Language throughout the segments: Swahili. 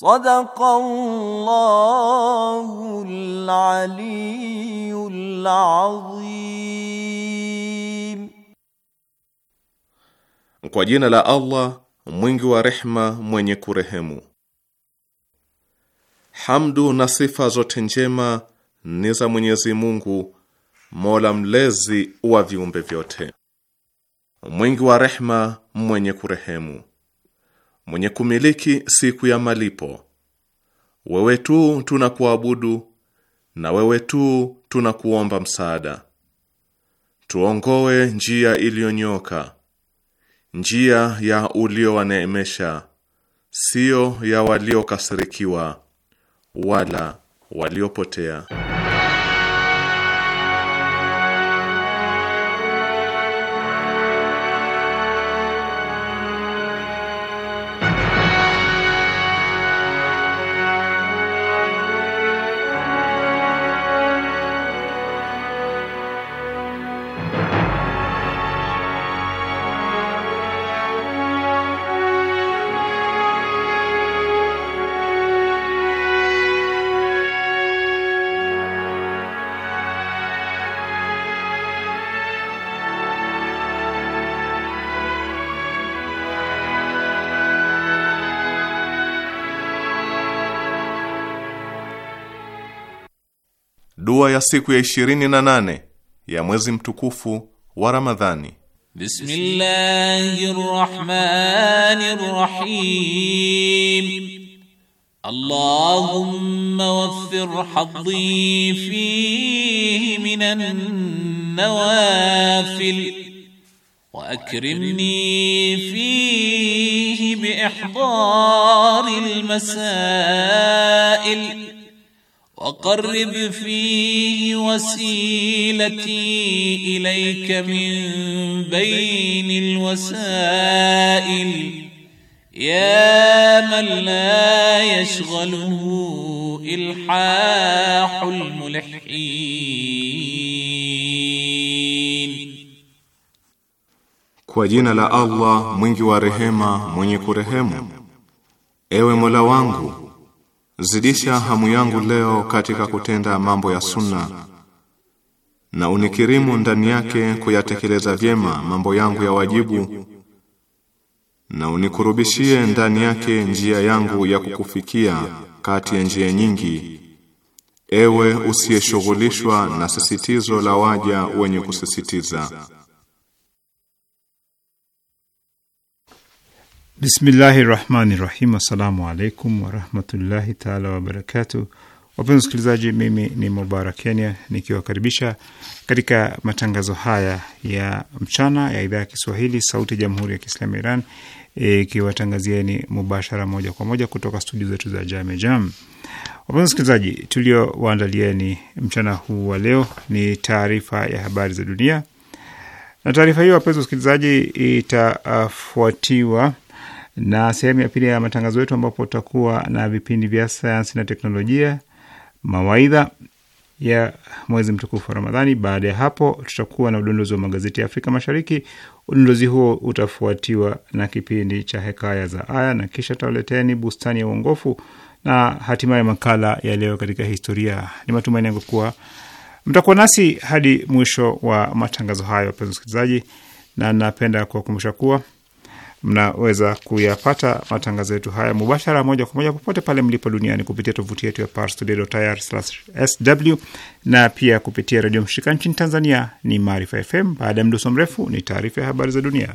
Sadaqallahul aliyyul azim. Kwa jina la Allah mwingi wa rehma mwenye kurehemu. Hamdu na sifa zote njema ni za Mwenyezi Mungu Mola mlezi wa viumbe vyote, mwingi wa rehma mwenye kurehemu mwenye kumiliki siku ya malipo. Wewe tu tunakuabudu na wewe tu tunakuomba msaada. Tuongoe njia iliyonyoka, njia ya uliowaneemesha, sio ya waliokasirikiwa wala waliopotea. Dua ya siku ya ishirini na nane ya mwezi mtukufu wa Ramadhani. Bismillahirrahmanirrahim. Allahumma waffir hadhi fihi minan nawafil wa akrimni fihi bi ihdari almasail وقرب فيه وسيلتي اليك من بين الوسائل يا من لا يشغله الحاح الملحين kwa jina la Allah mwingi wa rehema mwenye kurehemu ewe Mola wangu zidisha hamu yangu leo katika kutenda mambo ya sunna na unikirimu ndani yake kuyatekeleza vyema mambo yangu ya wajibu na unikurubishie ndani yake njia yangu ya kukufikia kati ya njia nyingi ewe usiyeshughulishwa na sisitizo la waja wenye kusisitiza Bismillahi rahmani rahim. Assalamu alaikum warahmatullahi taala wabarakatu. Wapenzi wasikilizaji, mimi ni Mubarak Kenya nikiwakaribisha katika matangazo haya ya mchana ya idhaa ya Kiswahili sauti ya jamhuri ya Kiislamu Iran ikiwatangazieni e, mubashara moja kwa moja kutoka studio zetu za Jame Jam. Wapenzi wasikilizaji, tuliowaandalieni mchana huu wa leo ni taarifa ya habari za dunia, na taarifa hiyo wapenzi wasikilizaji, itafuatiwa na sehemu ya pili ya matangazo yetu ambapo tutakuwa na vipindi vya sayansi na teknolojia, mawaidha ya mwezi mtukufu wa Ramadhani. Baada ya hapo, tutakuwa na udondozi wa magazeti ya Afrika Mashariki. Udondozi huo utafuatiwa na kipindi cha Hekaya za Aya, na kisha tutawaleteni Bustani ya Uongofu na hatimaye makala ya Leo katika Historia. Ni matumaini yangu kuwa mtakuwa nasi hadi mwisho wa matangazo hayo, wapenzi wasikilizaji, na napenda kuwakumbusha kuwa mnaweza kuyapata matangazo yetu haya mubashara, moja kwa moja, popote pale mlipo duniani kupitia tovuti yetu ya parstoday.ir/sw na pia kupitia redio mshirika nchini Tanzania ni Maarifa FM. Baada ya mdoso mrefu, ni taarifa ya habari za dunia.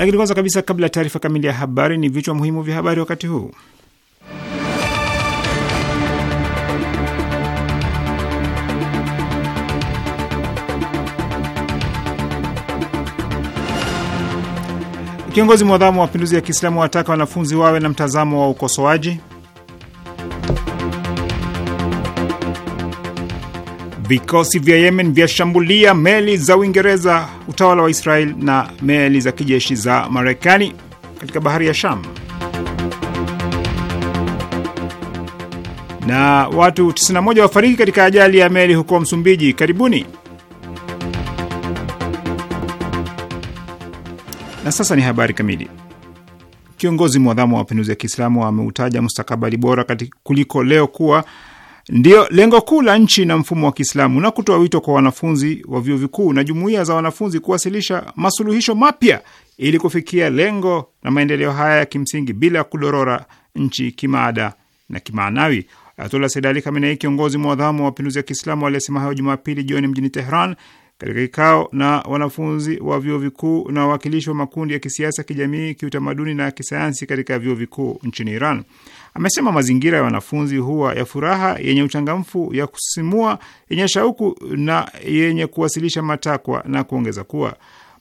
Lakini kwanza kabisa, kabla ya taarifa kamili ya habari, ni vichwa muhimu vya habari wakati huu. Kiongozi mwadhamu wa mapinduzi ya Kiislamu wataka wanafunzi wawe na mtazamo wa ukosoaji. Vikosi vya Yemen vyashambulia meli za Uingereza, utawala wa Israel na meli za kijeshi za Marekani katika bahari ya Sham. Na watu 91 wafariki katika ajali ya meli huko Msumbiji. Karibuni. Na sasa ni habari kamili. Kiongozi mwadhamu wa mapinduzi ya Kiislamu ameutaja mustakabali bora kuliko leo kuwa ndiyo lengo kuu la nchi na mfumo wa Kiislamu, na kutoa wito kwa wanafunzi wa vyuo vikuu na jumuiya za wanafunzi kuwasilisha masuluhisho mapya ili kufikia lengo na maendeleo haya ya kimsingi bila kudorora nchi kimaada na kimaanawi. Ayatullah Sayyid Ali Khamenei, kiongozi mwadhamu wa mapinduzi ya Kiislamu, aliyesema hayo Jumapili jioni mjini Tehran katika kikao na wanafunzi wa vyuo vikuu na wawakilishi wa makundi ya kisiasa, kijamii, kiutamaduni na kisayansi katika vyuo vikuu nchini Iran. Amesema mazingira ya wanafunzi huwa ya furaha, yenye uchangamfu, ya kusimua, yenye shauku na yenye kuwasilisha matakwa, na kuongeza kuwa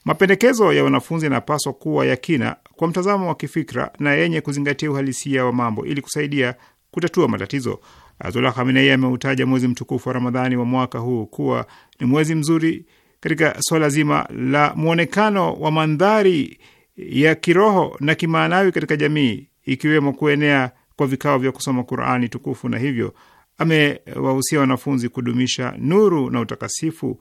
mapendekezo ya wanafunzi yanapaswa kuwa ya kina, kwa mtazamo wa kifikra na yenye kuzingatia uhalisia wa mambo ili kusaidia kutatua matatizo. Ayatullah Khamenei ameutaja mwezi mtukufu wa Ramadhani wa mwaka huu kuwa ni mwezi mzuri katika swala zima la mwonekano wa mandhari ya kiroho na kimaanawi katika jamii, ikiwemo kuenea kwa vikao vya kusoma Qurani tukufu na hivyo amewahusia wanafunzi kudumisha nuru na utakasifu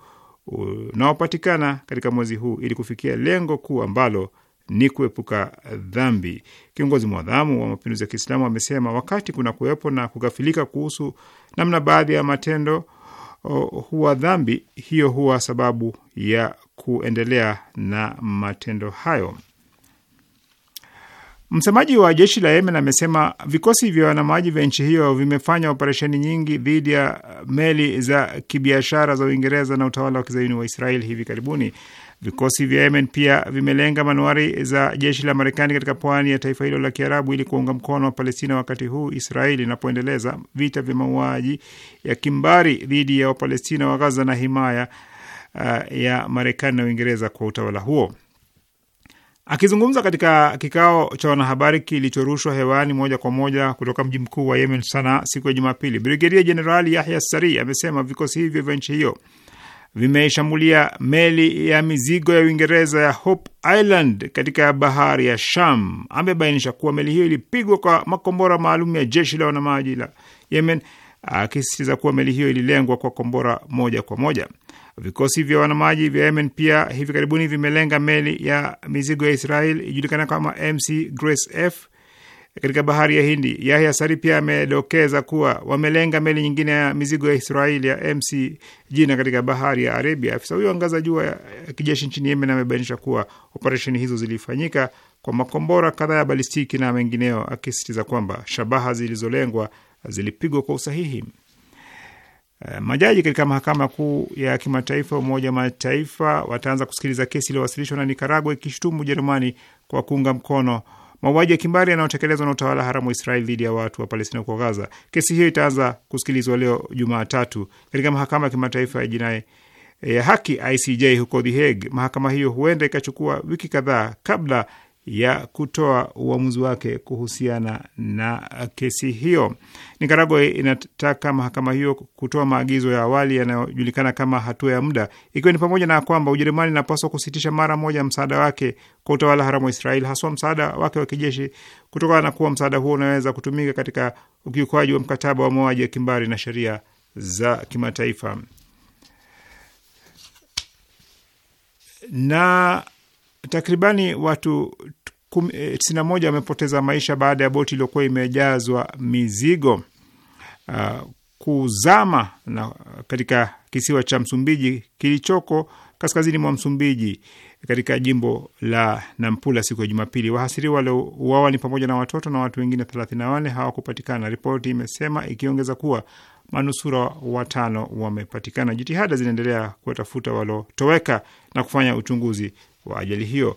unaopatikana katika mwezi huu ili kufikia lengo kuu ambalo ni kuepuka dhambi. Kiongozi mwadhamu wa mapinduzi ya Kiislamu amesema wakati kuna kuwepo na kughafilika kuhusu namna baadhi ya matendo huwa dhambi, hiyo huwa sababu ya kuendelea na matendo hayo. Msemaji wa jeshi la Yemen amesema vikosi vya wanamaji vya nchi hiyo vimefanya operesheni nyingi dhidi ya meli za kibiashara za Uingereza na utawala wa kizayuni wa Israel hivi karibuni. Vikosi vya Yemen pia vimelenga manuari za jeshi la Marekani katika pwani ya taifa hilo la Kiarabu ili kuunga mkono wa Palestina wakati huu Israeli inapoendeleza vita vya mauaji ya kimbari dhidi ya Wapalestina wa Gaza na himaya uh, ya Marekani na Uingereza kwa utawala huo. Akizungumza katika kikao cha wanahabari kilichorushwa hewani moja kwa moja kutoka mji mkuu wa Yemen, sana siku ya Jumapili, Brigedia Jenerali Yahya Sari amesema vikosi hivyo vya nchi hiyo vimeishambulia meli ya mizigo ya Uingereza ya Hope Island katika bahari ya Sham. Amebainisha kuwa meli hiyo ilipigwa kwa makombora maalum ya jeshi la wanamaji la Yemen, akisisitiza kuwa meli hiyo ililengwa kwa kombora moja kwa moja. Vikosi vya wanamaji vya Yemen pia hivi karibuni vimelenga meli ya mizigo ya Israel ijulikana kama MC Grace F katika bahari ya Hindi. Yahya Sari pia amedokeza kuwa wamelenga meli nyingine ya mizigo ya Israel ya MC Jina katika bahari ya Arabia. Afisa huyo angaza jua ya kijeshi nchini Yemen amebainisha kuwa operesheni hizo zilifanyika kwa makombora kadhaa ya balistiki na mengineo, akisisitiza kwamba shabaha zilizolengwa zilipigwa kwa usahihi. Eh, majaji katika mahakama kuu ya kimataifa umoja Umoja Mataifa wataanza kusikiliza kesi iliyowasilishwa na Nikaragua ikishutumu Ujerumani kwa kuunga mkono mauaji ya kimbari yanayotekelezwa na utawala haramu wa Israeli dhidi ya watu wa Palestina huko Gaza. Kesi hiyo itaanza kusikilizwa leo Jumatatu katika mahakama ya kimataifa ya jinai eh, ya haki ICJ huko The Hague. Mahakama hiyo huenda ikachukua wiki kadhaa kabla ya kutoa uamuzi wake kuhusiana na kesi hiyo. Nikaragua inataka mahakama hiyo kutoa maagizo ya awali yanayojulikana kama hatua ya muda, ikiwa ni pamoja na kwamba Ujerumani inapaswa kusitisha mara moja msaada wake kwa utawala haramu wa Israeli, haswa msaada wake wa kijeshi, kutokana na kuwa msaada huo unaweza kutumika katika ukiukaji wa mkataba wa mauaji ya kimbari na sheria za kimataifa. na takribani watu 91 wamepoteza eh, maisha baada ya boti iliyokuwa imejazwa mizigo uh, kuzama na katika kisiwa cha Msumbiji kilichoko kaskazini mwa Msumbiji katika jimbo la Nampula siku ya Jumapili. Wahasiriwa waliouawa ni pamoja na watoto na watu wengine 34 hawakupatikana, ripoti imesema ikiongeza kuwa manusura watano wamepatikana. Jitihada zinaendelea kuwatafuta waliotoweka na kufanya uchunguzi wa ajali hiyo.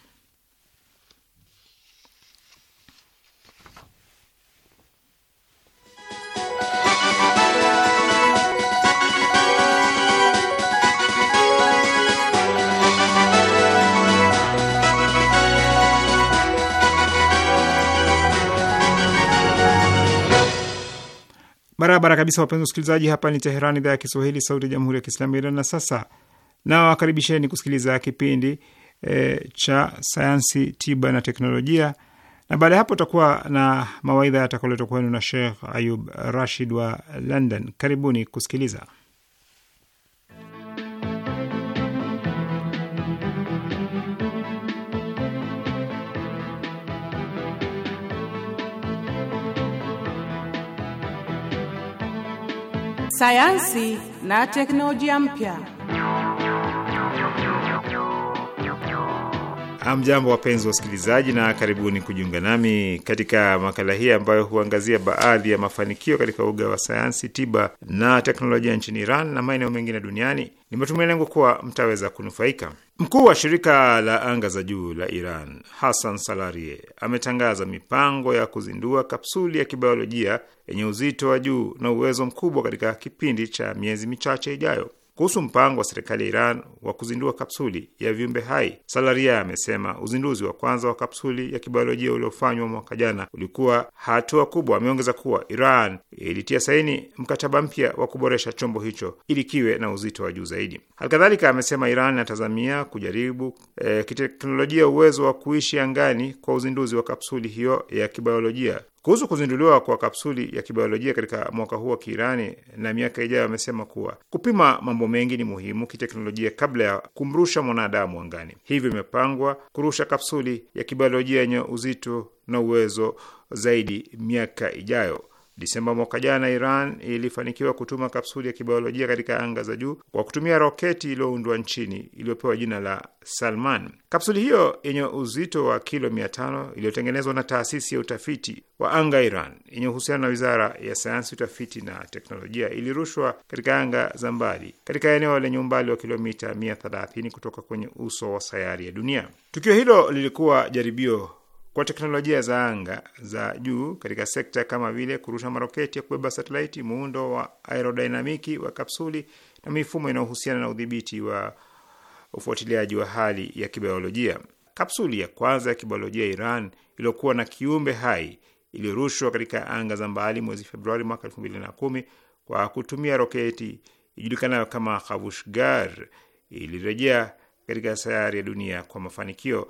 Barabara kabisa, wapenzi wasikilizaji, hapa ni Teheran, idhaa ya Kiswahili, sauti ya jamhuri ya kiislamu Iran. Na sasa nawakaribisheni kusikiliza kipindi e, cha sayansi, tiba na teknolojia, na baada ya hapo utakuwa na mawaidha yatakaoletwa kwenu na Sheikh Ayub Rashid wa London. Karibuni kusikiliza. sayansi na teknolojia mpya. Hamjambo, wapenzi wa usikilizaji, na karibuni kujiunga nami katika makala hii ambayo huangazia baadhi ya mafanikio katika uga wa sayansi, tiba na teknolojia nchini Iran na maeneo mengine duniani. Nimetumia lengo kuwa mtaweza kunufaika. Mkuu wa shirika la anga za juu la Iran Hassan Salarie ametangaza mipango ya kuzindua kapsuli ya kibiolojia yenye uzito wa juu na uwezo mkubwa katika kipindi cha miezi michache ijayo kuhusu mpango wa serikali ya Iran wa kuzindua kapsuli ya viumbe hai. Salaria amesema uzinduzi wa kwanza wa kapsuli ya kibiolojia uliofanywa mwaka jana ulikuwa hatua kubwa. Ameongeza kuwa Iran ilitia saini mkataba mpya wa kuboresha chombo hicho ili kiwe na uzito wa juu zaidi. Halikadhalika amesema Iran inatazamia kujaribu e, kiteknolojia uwezo wa kuishi angani kwa uzinduzi wa kapsuli hiyo ya kibiolojia. Kuhusu kuzinduliwa kwa kapsuli ya kibiolojia katika mwaka huu wa Kiirani na miaka ijayo, amesema kuwa kupima mambo mengi ni muhimu kiteknolojia kabla ya kumrusha mwanadamu angani. Hivyo imepangwa kurusha kapsuli ya kibiolojia yenye uzito na uwezo zaidi miaka ijayo. Disemba mwaka jana, Iran ilifanikiwa kutuma kapsuli ya kibiolojia katika anga za juu kwa kutumia roketi iliyoundwa nchini iliyopewa jina la Salman. Kapsuli hiyo yenye uzito wa kilo mia tano iliyotengenezwa na taasisi ya utafiti wa anga Iran yenye uhusiano na wizara ya sayansi, utafiti na teknolojia ilirushwa katika anga za mbali katika eneo lenye umbali wa kilomita 130 kutoka kwenye uso wa sayari ya dunia. Tukio hilo lilikuwa jaribio kwa teknolojia za anga za juu katika sekta kama vile kurusha maroketi ya kubeba satelaiti, muundo wa aerodinamiki wa kapsuli na mifumo inayohusiana na udhibiti wa ufuatiliaji wa hali ya kibiolojia. Kapsuli ya kwanza ya kibiolojia Iran iliyokuwa na kiumbe hai iliyorushwa katika anga za mbali mwezi Februari mwaka elfu mbili na kumi kwa kutumia roketi ijulikanayo kama Kavushgar ilirejea katika sayari ya dunia kwa mafanikio.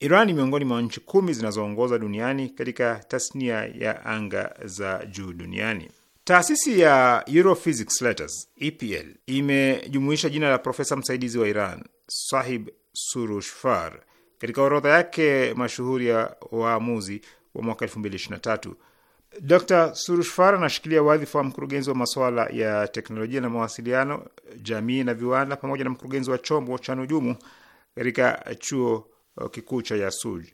Iran ni miongoni mwa nchi kumi zinazoongoza duniani katika tasnia ya anga za juu duniani. Taasisi ya Europhysics Letters EPL imejumuisha jina la profesa msaidizi wa Iran Sahib Surushfar katika orodha yake mashuhuri ya waamuzi wa mwaka 2023. Dr Surushfar anashikilia wadhifa wa mkurugenzi wa masuala ya teknolojia na mawasiliano, jamii na viwanda, pamoja na mkurugenzi wa chombo cha nujumu katika chuo Eh, kikuu cha Yasuj.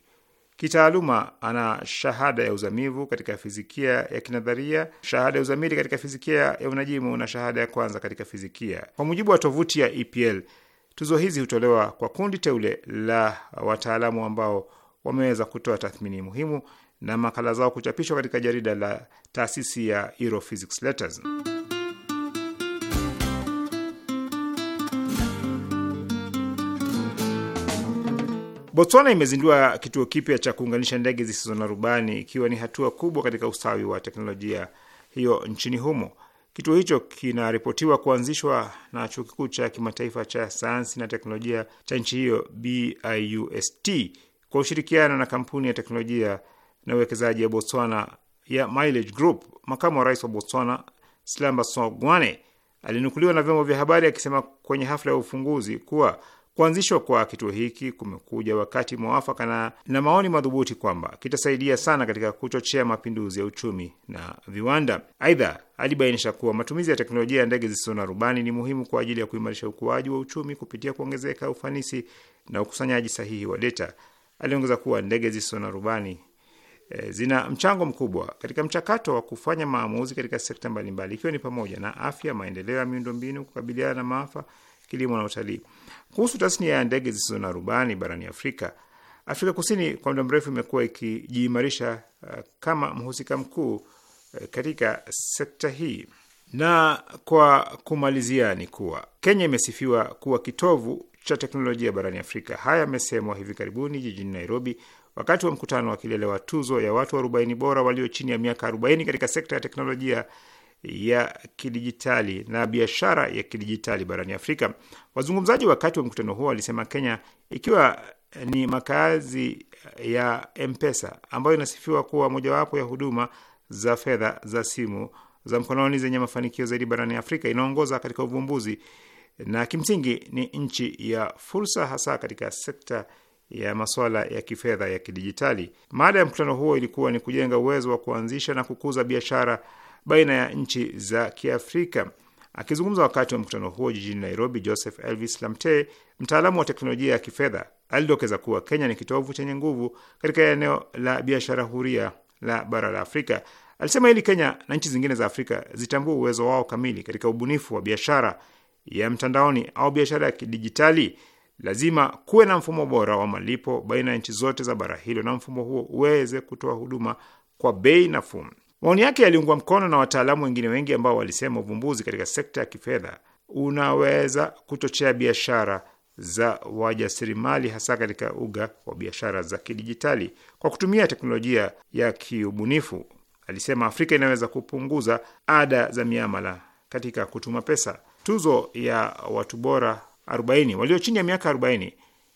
Kitaaluma ana shahada ya uzamivu katika fizikia ya kinadharia, shahada ya uzamili katika fizikia ya unajimu na shahada ya kwanza katika fizikia. Kwa mujibu wa tovuti ya EPL, tuzo hizi hutolewa kwa kundi teule la wataalamu ambao wameweza kutoa tathmini muhimu na makala zao kuchapishwa katika jarida la taasisi ya Europhysics Letters. Botswana imezindua kituo kipya cha kuunganisha ndege zisizo na rubani ikiwa ni hatua kubwa katika ustawi wa teknolojia hiyo nchini humo. Kituo hicho kinaripotiwa kuanzishwa na chuo kikuu cha kimataifa cha sayansi na teknolojia cha nchi hiyo BIUST kwa ushirikiano na kampuni ya teknolojia na uwekezaji ya Botswana ya Mileage Group. Makamu wa rais wa Botswana Slamba Sogwane alinukuliwa na vyombo vya habari akisema kwenye hafla ya ufunguzi kuwa Kuanzishwa kwa kituo hiki kumekuja wakati mwafaka na, na maoni madhubuti kwamba kitasaidia sana katika kuchochea mapinduzi ya uchumi na viwanda. Aidha, alibainisha kuwa matumizi ya teknolojia ya ndege zisizo na rubani ni muhimu kwa ajili ya kuimarisha ukuaji wa uchumi kupitia kuongezeka ufanisi na ukusanyaji sahihi wa data. Aliongeza kuwa ndege zisizo na rubani e, zina mchango mkubwa katika mchakato wa kufanya maamuzi katika sekta mbalimbali, ikiwa ni pamoja na afya, maendeleo ya miundombinu, kukabiliana na maafa kilimo na utalii. Kuhusu tasnia ya ndege zisizo na rubani barani Afrika, Afrika Kusini kwa muda mrefu imekuwa ikijiimarisha uh, kama mhusika mkuu uh, katika sekta hii. Na kwa kumalizia ni kuwa Kenya imesifiwa kuwa kitovu cha teknolojia barani Afrika. Haya yamesemwa hivi karibuni jijini Nairobi wakati wa mkutano wa kilele wa tuzo ya watu 40 bora walio chini ya miaka 40 katika sekta ya teknolojia ya kidijitali na biashara ya kidijitali barani Afrika. Wazungumzaji wakati wa mkutano huo walisema Kenya ikiwa eh, ni makazi eh, ya M-Pesa ambayo inasifiwa kuwa mojawapo ya huduma za fedha za simu za mkononi zenye mafanikio zaidi barani Afrika, inaongoza katika uvumbuzi na kimsingi ni nchi ya fursa, hasa katika sekta ya masuala ya kifedha ya kidijitali. Maada ya mkutano huo ilikuwa ni kujenga uwezo wa kuanzisha na kukuza biashara baina ya nchi za Kiafrika. Akizungumza wakati wa mkutano huo jijini Nairobi, Joseph Elvis Lamte, mtaalamu wa teknolojia ya kifedha, alidokeza kuwa Kenya ni kitovu chenye nguvu katika eneo la biashara huria la bara la Afrika. Alisema ili Kenya na nchi zingine za Afrika zitambue uwezo wao kamili katika ubunifu wa biashara ya mtandaoni au biashara ya kidijitali, lazima kuwe na mfumo bora wa malipo baina ya nchi zote za bara hilo, na mfumo huo uweze kutoa huduma kwa bei nafuu. Maoni yake yaliungwa mkono na wataalamu wengine wengi ambao walisema uvumbuzi katika sekta ya kifedha unaweza kuchochea biashara za wajasirimali hasa katika uga wa biashara za kidijitali kwa kutumia teknolojia ya kiubunifu. Alisema Afrika inaweza kupunguza ada za miamala katika kutuma pesa. Tuzo ya watu bora 40 walio chini ya miaka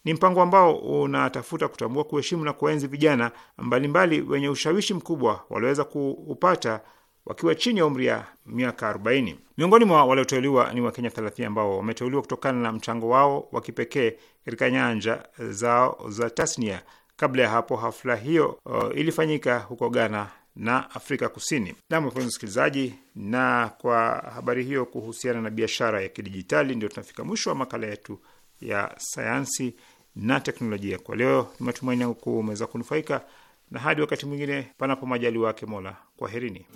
ni mpango ambao unatafuta kutambua, kuheshimu na kuenzi vijana mbalimbali wenye ushawishi mkubwa walioweza kuupata wakiwa chini ya umri ya miaka 40. Miongoni mwa walioteuliwa ni Wakenya 30 ambao wameteuliwa kutokana na mchango wao wa kipekee katika nyanja zao za tasnia. Kabla ya hapo, hafla hiyo uh, ilifanyika huko Ghana na Afrika Kusini. Nam, wapenzi msikilizaji, na kwa habari hiyo kuhusiana na biashara ya kidijitali, ndio tunafika mwisho wa makala yetu ya sayansi na teknolojia. Kwa leo, ni matumaini yangu kuwa umeweza kunufaika, na hadi wakati mwingine, panapo majali wake Mola, kwaherini.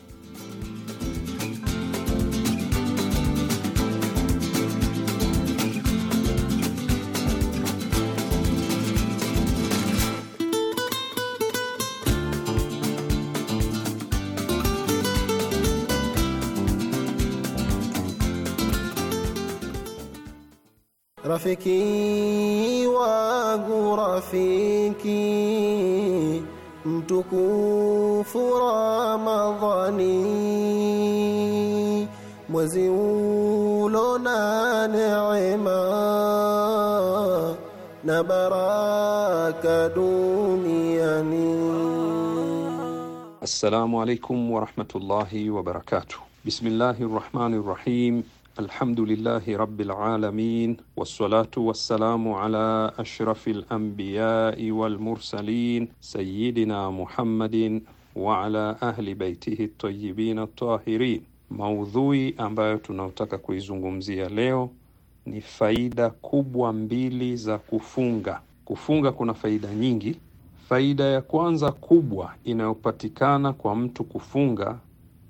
رفيقي واغو رفيقي رمضان وزولنا نعما نبراك دنياني السلام عليكم ورحمة الله وبركاته بسم الله الرحمن الرحيم Alhamdulillahi rabbil alamin wassalatu wassalamu ala ashrafil anbiyai wal mursalin sayyidina Muhammadin wa ahli baitihi ltayibin ltahirin Maudhui ambayo tunaotaka kuizungumzia leo ni faida kubwa mbili za kufunga. Kufunga kuna faida nyingi. Faida ya kwanza kubwa inayopatikana kwa mtu kufunga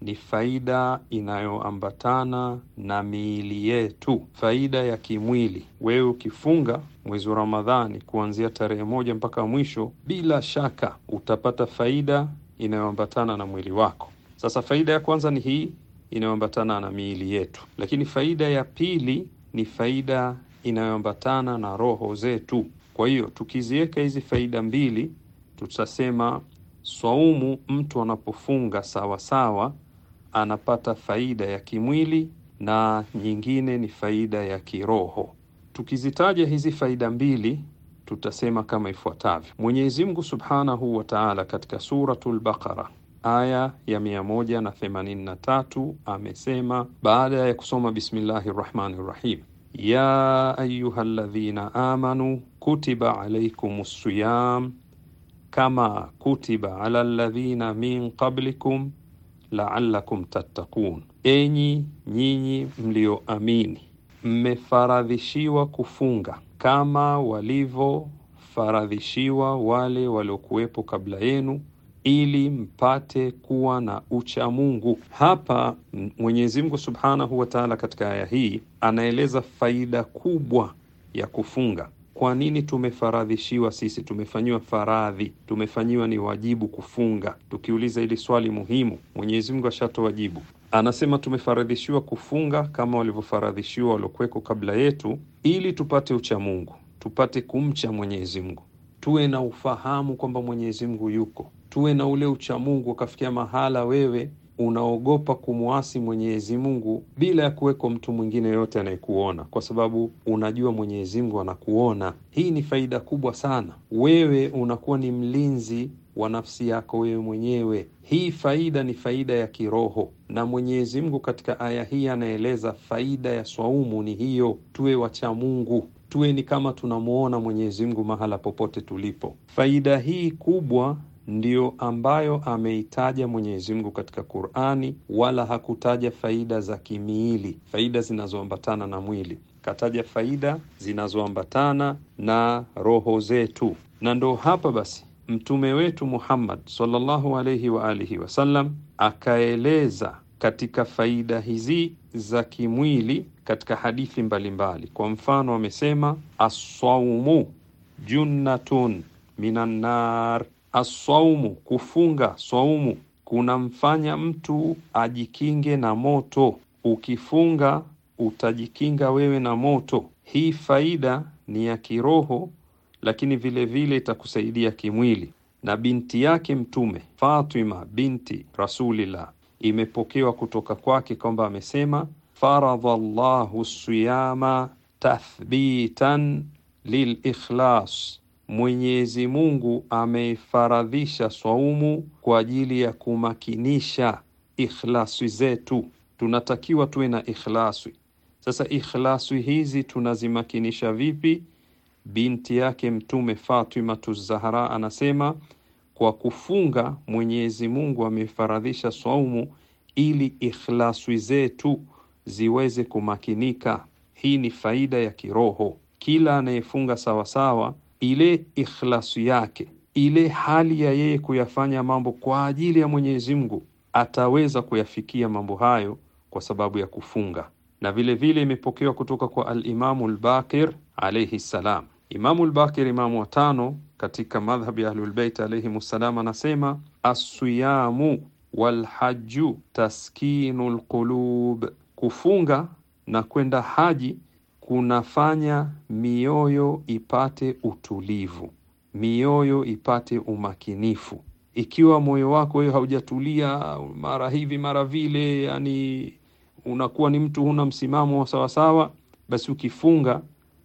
ni faida inayoambatana na miili yetu, faida ya kimwili. Wewe ukifunga mwezi wa Ramadhani kuanzia tarehe moja mpaka mwisho, bila shaka utapata faida inayoambatana na mwili wako. Sasa faida ya kwanza ni hii inayoambatana na miili yetu, lakini faida ya pili ni faida inayoambatana na roho zetu. Kwa hiyo tukiziweka hizi faida mbili, tutasema swaumu, mtu anapofunga sawasawa anapata faida ya kimwili na nyingine ni faida ya kiroho. Tukizitaja hizi faida mbili tutasema kama ifuatavyo. Mwenyezi Mungu Subhanahu wa Ta'ala katika suratul Baqara aya ya tatu amesema baada ya kusoma bismillahi rahmani rahim, ya ayyuhalladhina amanu kutiba alaykumus siyam kama kutiba alal ladhina min qablikum laalakum tattakun enyi nyinyi mlioamini, mmefaradhishiwa kufunga kama walivyofaradhishiwa wale waliokuwepo kabla yenu ili mpate kuwa na ucha Mungu. Hapa Mwenyezi Mungu Subhanahu wa Ta'ala katika aya hii anaeleza faida kubwa ya kufunga kwa nini tumefaradhishiwa sisi, tumefanyiwa faradhi, tumefanyiwa ni wajibu kufunga? Tukiuliza hili swali muhimu, Mwenyezi Mungu wajibu Anasema tumefaradhishiwa kufunga kama walivyofaradhishiwa waliokuweko kabla yetu, ili tupate uchamungu, tupate kumcha Mwenyezi Mungu, tuwe na ufahamu kwamba Mwenyezi Mungu yuko, tuwe na ule uchamungu, wakafikia mahala wewe unaogopa kumwasi Mwenyezi Mungu bila ya kuweko mtu mwingine yoyote anayekuona, kwa sababu unajua Mwenyezi Mungu anakuona. Hii ni faida kubwa sana, wewe unakuwa ni mlinzi wa nafsi yako wewe mwenyewe. Hii faida ni faida ya kiroho, na Mwenyezi Mungu katika aya hii anaeleza faida ya swaumu ni hiyo, tuwe wacha Mungu, tuwe ni kama tunamwona Mwenyezi Mungu mahala popote tulipo. Faida hii kubwa ndiyo ambayo ameitaja Mwenyezi Mungu katika Qur'ani, wala hakutaja faida za kimiili, faida zinazoambatana na mwili, kataja faida zinazoambatana na roho zetu. Na ndo hapa basi mtume wetu Muhammad sallallahu alayhi wa alihi wasallam akaeleza katika faida hizi za kimwili katika hadithi mbalimbali mbali. Kwa mfano amesema, assaumu junnatun minannar Aswaumu, kufunga swaumu kunamfanya mtu ajikinge na moto. Ukifunga utajikinga wewe na moto. Hii faida ni ya kiroho, lakini vile vile itakusaidia kimwili. Na binti yake Mtume Fatima binti Rasulillah imepokewa kutoka kwake kwamba amesema, faradha llahu siyama tathbitan lilikhlas Mwenyezi Mungu ameifaradhisha swaumu kwa ajili ya kumakinisha ikhlasi zetu. Tunatakiwa tuwe na ikhlasi. Sasa ikhlasi hizi tunazimakinisha vipi? Binti yake Mtume Fatima Tuzahara anasema kwa kufunga, Mwenyezi Mungu ameifaradhisha swaumu ili ikhlasi zetu ziweze kumakinika. Hii ni faida ya kiroho. Kila anayefunga sawasawa ile ikhlasu yake, ile hali ya yeye kuyafanya mambo kwa ajili ya Mwenyezi Mungu, ataweza kuyafikia mambo hayo kwa sababu ya kufunga. Na vile vile imepokewa kutoka kwa Alimamu Lbakir alaihi ssalam. Imamu Lbakir, imamu wa tano katika madhhabi ya Ahlulbeit alayhi salam anasema aswiyamu walhaju taskinu lqulub, kufunga na kwenda haji kunafanya mioyo ipate utulivu, mioyo ipate umakinifu. Ikiwa moyo wako hiyo haujatulia, mara hivi mara vile, yani unakuwa ni mtu huna msimamo wa sawasawa, basi ukifunga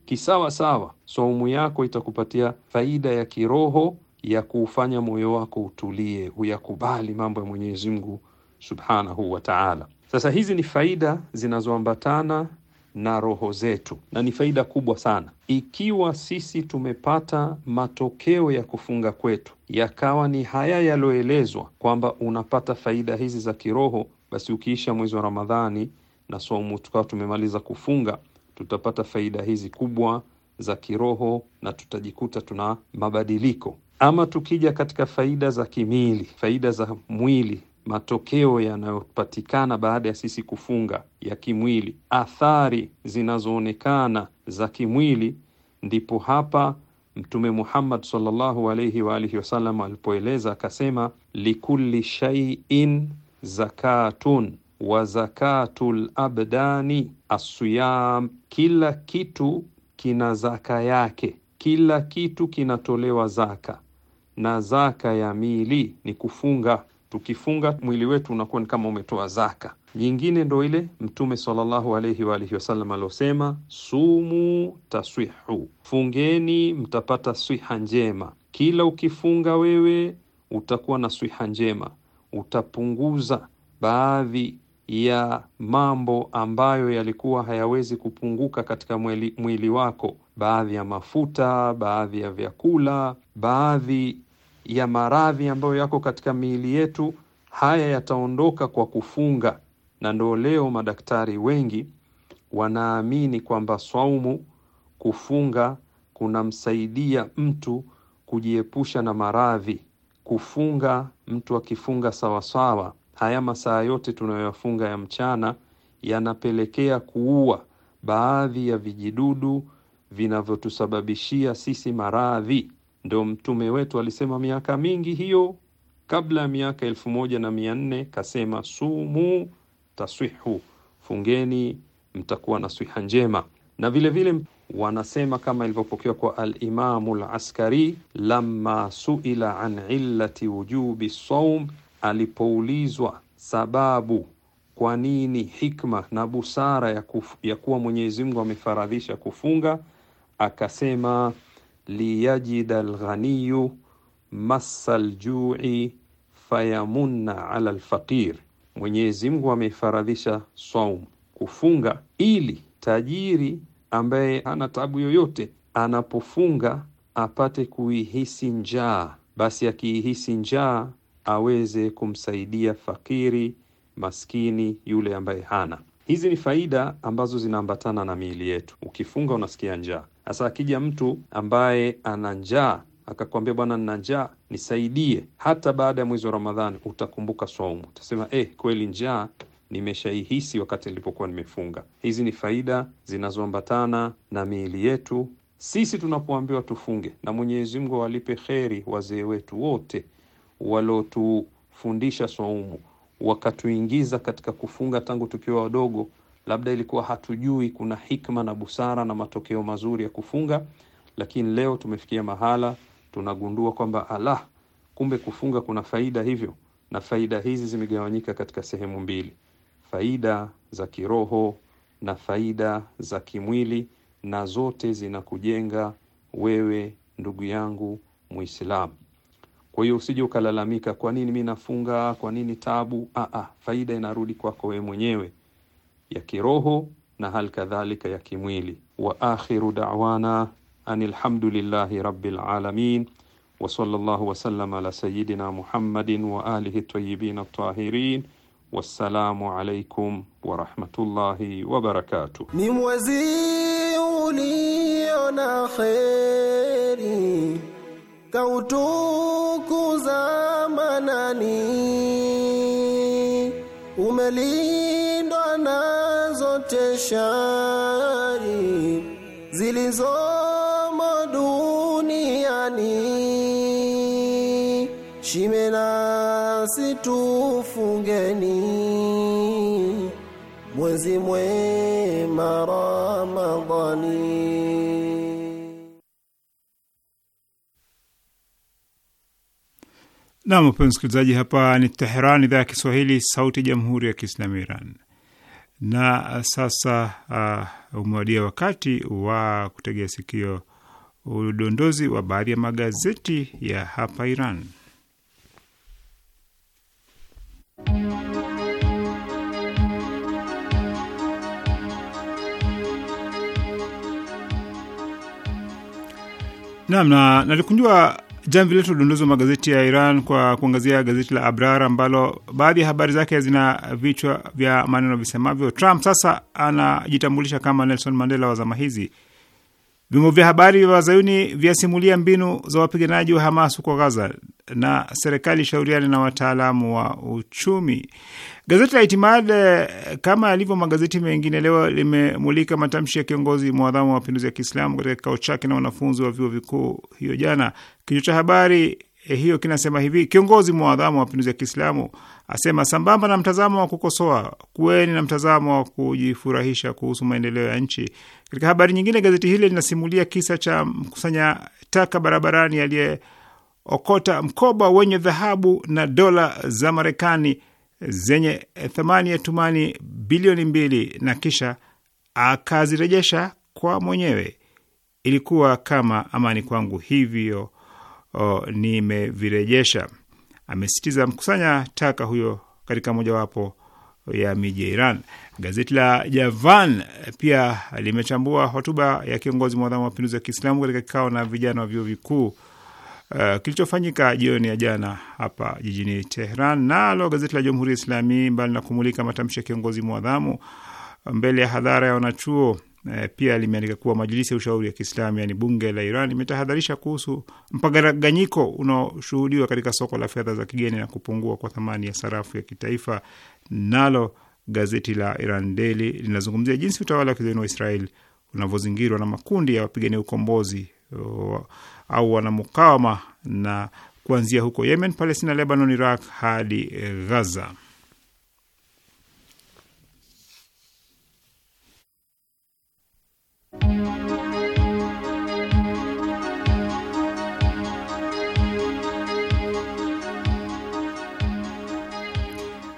kisawa sawa, saumu yako itakupatia faida ya kiroho ya kuufanya moyo wako utulie, uyakubali mambo ya Mwenyezi Mungu subhanahu wa taala. Sasa hizi ni faida zinazoambatana na roho zetu, na ni faida kubwa sana. Ikiwa sisi tumepata matokeo ya kufunga kwetu yakawa ni haya yaliyoelezwa, kwamba unapata faida hizi za kiroho, basi ukiisha mwezi wa Ramadhani na somu tukawa tumemaliza kufunga, tutapata faida hizi kubwa za kiroho na tutajikuta tuna mabadiliko. Ama tukija katika faida za kimwili, faida za mwili matokeo yanayopatikana baada ya sisi kufunga ya kimwili, athari zinazoonekana za kimwili, ndipo hapa Mtume Muhammad sallallahu alayhi wa alihi wasallam alipoeleza akasema, likulli shay'in zakatun wa zakatul abdani assiyam, kila kitu kina zaka yake, kila kitu kinatolewa zaka, na zaka ya mili ni kufunga. Tukifunga mwili wetu unakuwa ni kama umetoa zaka. Nyingine ndo ile Mtume sallallahu alaihi wa alihi wasallam aliosema, sumu taswihu, fungeni mtapata swiha njema. Kila ukifunga wewe utakuwa na swiha njema, utapunguza baadhi ya mambo ambayo yalikuwa hayawezi kupunguka katika mwili, mwili wako, baadhi ya mafuta, baadhi ya vyakula, baadhi ya maradhi ambayo yako katika miili yetu, haya yataondoka kwa kufunga. Na ndo leo madaktari wengi wanaamini kwamba swaumu, kufunga, kunamsaidia mtu kujiepusha na maradhi. Kufunga, mtu akifunga sawasawa, haya masaa yote tunayoyafunga ya mchana yanapelekea kuua baadhi ya vijidudu vinavyotusababishia sisi maradhi ndo mtume wetu alisema miaka mingi hiyo kabla ya miaka elfu moja na mia nne kasema, sumu taswihu, fungeni mtakuwa na swiha njema. Na vile vile wanasema kama ilivyopokewa kwa Alimamu Laskari, lamma suila an illati wujubi saum, alipoulizwa sababu kwa nini hikma na busara ya, ya kuwa Mwenyezi Mungu amefaradhisha kufunga akasema liyajida alghaniyu massa ljui fayamunna ala lfaqir. Mwenyezi Mungu ameifaradhisha saum, kufunga ili tajiri ambaye hana tabu yoyote anapofunga apate kuihisi njaa, basi akiihisi njaa aweze kumsaidia fakiri maskini yule ambaye hana. Hizi ni faida ambazo zinaambatana na miili yetu. Ukifunga unasikia njaa, sasa akija mtu ambaye ana njaa akakwambia, bwana, nina njaa nisaidie, hata baada ya mwezi wa Ramadhani utakumbuka swaumu, utasema eh, kweli njaa nimeshaihisi wakati nilipokuwa nimefunga. Hizi ni faida zinazoambatana na miili yetu sisi tunapoambiwa tufunge, na Mwenyezi Mungu awalipe kheri wazee wetu wote walotufundisha swaumu, wakatuingiza katika kufunga tangu tukiwa wadogo labda ilikuwa hatujui kuna hikma na busara na matokeo mazuri ya kufunga, lakini leo tumefikia mahala tunagundua kwamba alah, kumbe kufunga kuna faida hivyo, na faida hizi zimegawanyika katika sehemu mbili: faida za kiroho na faida za kimwili, na zote zinakujenga wewe ndugu yangu Muislamu. Kwa hiyo usije ukalalamika, kwa nini mi nafunga, kwa nini tabu? Aa, faida inarudi kwako wewe mwenyewe ya kiroho na hal kadhalika ya kimwili. Wa akhiru da'wana anilhamdulillahi rabbil alamin wa sallallahu wa sallama ala sayyidina Muhammadin wa alihi tayyibin at-tahirin. Wassalamu alaikum warahmatullahi wabarakatuh. Ni mwezi ulio kheri kautukuza manani umeli shari zilizomo duniani, shime nasi tufungeni mwezi mwema Ramadhani. Nam, mpenzi msikilizaji, hapa ni Teheran, idhaa ya Kiswahili, sauti ya jamhuri ya kiislamu Iran. Na uh, sasa uh, umewadia wakati wa kutegea sikio udondozi wa baadhi ya magazeti ya hapa Iran. Naam, na nalikunjua Jamvi letu udunduzi wa magazeti ya Iran kwa kuangazia gazeti la Abrar ambalo baadhi ya habari zake zina vichwa vya maneno visemavyo: Trump sasa anajitambulisha kama Nelson Mandela wa zama hizi, Vyombo vya habari vya wazayuni vyasimulia mbinu za wapiganaji wa Hamas huko Gaza na serikali shauriane na wataalamu wa uchumi. Gazeti la Itimad, eh, kama yalivyo magazeti mengine, leo limemulika matamshi ya kiongozi mwadhamu wa mapinduzi ya Kiislamu katika kikao chake na wanafunzi wa vyuo vikuu hiyo jana. Kichwa cha habari Eh, hiyo kinasema hivi: kiongozi mwadhamu wa mapinduzi ya Kiislamu asema sambamba na mtazamo wa kukosoa, kuweni na mtazamo wa kujifurahisha kuhusu maendeleo ya nchi. Katika habari nyingine, gazeti hili linasimulia kisa cha mkusanya taka barabarani aliyeokota mkoba wenye dhahabu na dola za Marekani zenye thamani ya tumani bilioni mbili na kisha akazirejesha kwa mwenyewe. Ilikuwa kama amani kwangu, hivyo nimevirejesha, amesitiza mkusanya taka huyo katika mojawapo ya miji ya Iran. Gazeti la Javan pia limechambua hotuba ya kiongozi mwadhamu wa mapinduzi ya Kiislamu katika kikao na vijana wa vyuo vikuu uh, kilichofanyika jioni ya jana hapa jijini Tehran. Nalo gazeti la Jamhuri ya Islami, mbali na kumulika matamshi ya kiongozi mwadhamu mbele ya hadhara ya wanachuo eh, pia limeandika kuwa majilisi ya ushauri ya Kiislamu yaani bunge la Iran imetahadharisha kuhusu mpagaganyiko unaoshuhudiwa katika soko la fedha za kigeni na kupungua kwa thamani ya sarafu ya kitaifa. Nalo gazeti la Iran Daily linazungumzia jinsi utawala wa kizayuni wa Israel unavyozingirwa na makundi ya wapigania ukombozi au wanamukawama na kuanzia huko Yemen, Palestina, Lebanon, Iraq hadi eh, Gaza.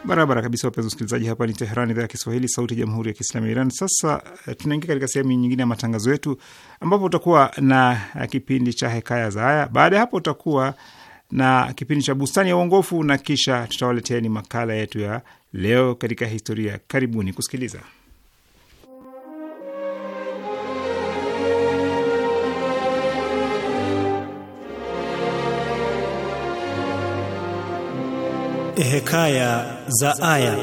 Barabara kabisa, wapenzi wasikilizaji, hapa ni Teherani, idhaa ya Kiswahili, sauti ya jamhuri ya kiislamu ya Iran. Sasa eh, tunaingia katika sehemu nyingine ya matangazo yetu, ambapo utakuwa na eh, kipindi cha Hekaya za Aya. Baada ya hapo, utakuwa na kipindi cha Bustani ya Uongofu, na kisha tutawaleteeni makala yetu ya Leo katika Historia. Karibuni kusikiliza. Hekaya za Aya.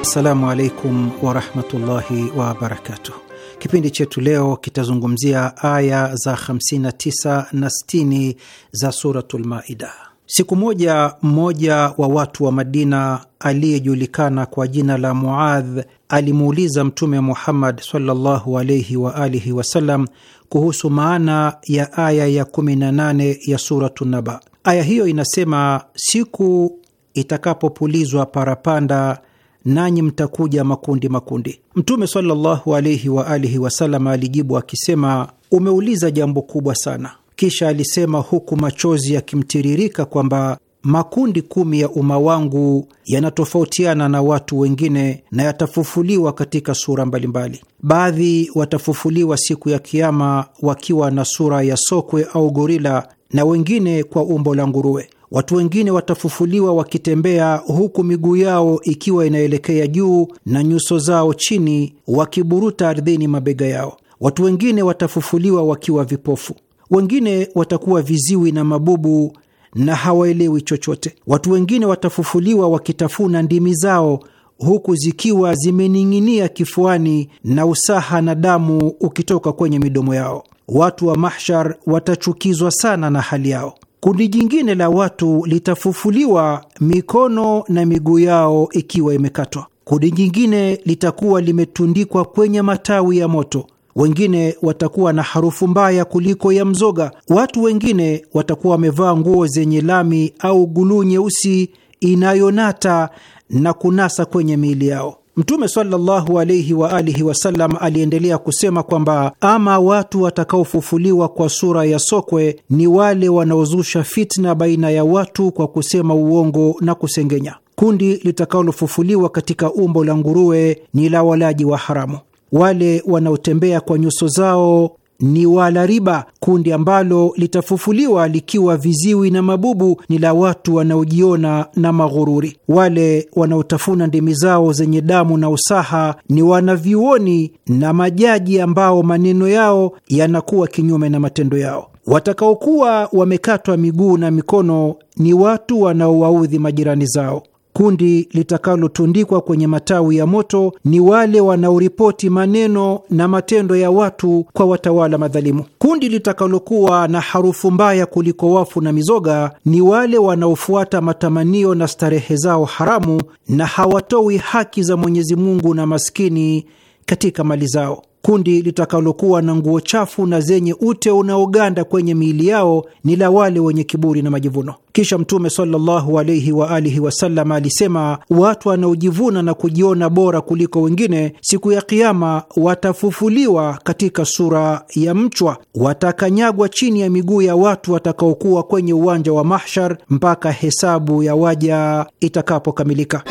Assalamu alaikum warahmatullahi wabarakatuh. Kipindi chetu leo kitazungumzia aya za 59 na 60 za Suratul Maida. Siku moja mmoja wa watu wa Madina aliyejulikana kwa jina la Muadh alimuuliza Mtume Muhammad sallallahu alaihi wa alihi wasallam kuhusu maana ya aya ya 18 ya Suratu Naba. Aya hiyo inasema, siku itakapopulizwa parapanda nanyi mtakuja makundi makundi. Mtume sallallahu alaihi wa alihi wasallam alijibu akisema, umeuliza jambo kubwa sana kisha alisema huku machozi yakimtiririka kwamba makundi kumi ya umma wangu yanatofautiana na watu wengine na yatafufuliwa katika sura mbalimbali. Baadhi watafufuliwa siku ya Kiama wakiwa na sura ya sokwe au gorila, na wengine kwa umbo la nguruwe. Watu wengine watafufuliwa wakitembea huku miguu yao ikiwa inaelekea juu na nyuso zao chini, wakiburuta ardhini mabega yao. Watu wengine watafufuliwa wakiwa vipofu wengine watakuwa viziwi na mabubu na hawaelewi chochote. Watu wengine watafufuliwa wakitafuna ndimi zao huku zikiwa zimening'inia kifuani na usaha na damu ukitoka kwenye midomo yao. Watu wa mahshar watachukizwa sana na hali yao. Kundi jingine la watu litafufuliwa mikono na miguu yao ikiwa imekatwa. Kundi jingine litakuwa limetundikwa kwenye matawi ya moto wengine watakuwa na harufu mbaya kuliko ya mzoga. Watu wengine watakuwa wamevaa nguo zenye lami au guluu nyeusi inayonata na kunasa kwenye miili yao. Mtume sallallahu alaihi wa alihi wasallam aliendelea kusema kwamba ama watu watakaofufuliwa kwa sura ya sokwe ni wale wanaozusha fitna baina ya watu kwa kusema uongo na kusengenya. Kundi litakalofufuliwa katika umbo la nguruwe ni la walaji wa haramu wale wanaotembea kwa nyuso zao ni wala riba. Kundi ambalo litafufuliwa likiwa viziwi na mabubu ni la watu wanaojiona na maghururi. Wale wanaotafuna ndimi zao zenye damu na usaha ni wanavyuoni na majaji ambao maneno yao yanakuwa kinyume na matendo yao. Watakaokuwa wamekatwa miguu na mikono ni watu wanaowaudhi majirani zao. Kundi litakalotundikwa kwenye matawi ya moto ni wale wanaoripoti maneno na matendo ya watu kwa watawala madhalimu. Kundi litakalokuwa na harufu mbaya kuliko wafu na mizoga ni wale wanaofuata matamanio na starehe zao haramu na hawatoi haki za Mwenyezi Mungu na maskini katika mali zao. Kundi litakalokuwa na nguo chafu na zenye ute unaoganda kwenye miili yao ni la wale wenye kiburi na majivuno. Kisha Mtume sallallahu alaihi wa alihi wasallam alisema, watu wanaojivuna na kujiona bora kuliko wengine siku ya Kiama watafufuliwa katika sura ya mchwa, watakanyagwa chini ya miguu ya watu watakaokuwa kwenye uwanja wa Mahshar mpaka hesabu ya waja itakapokamilika.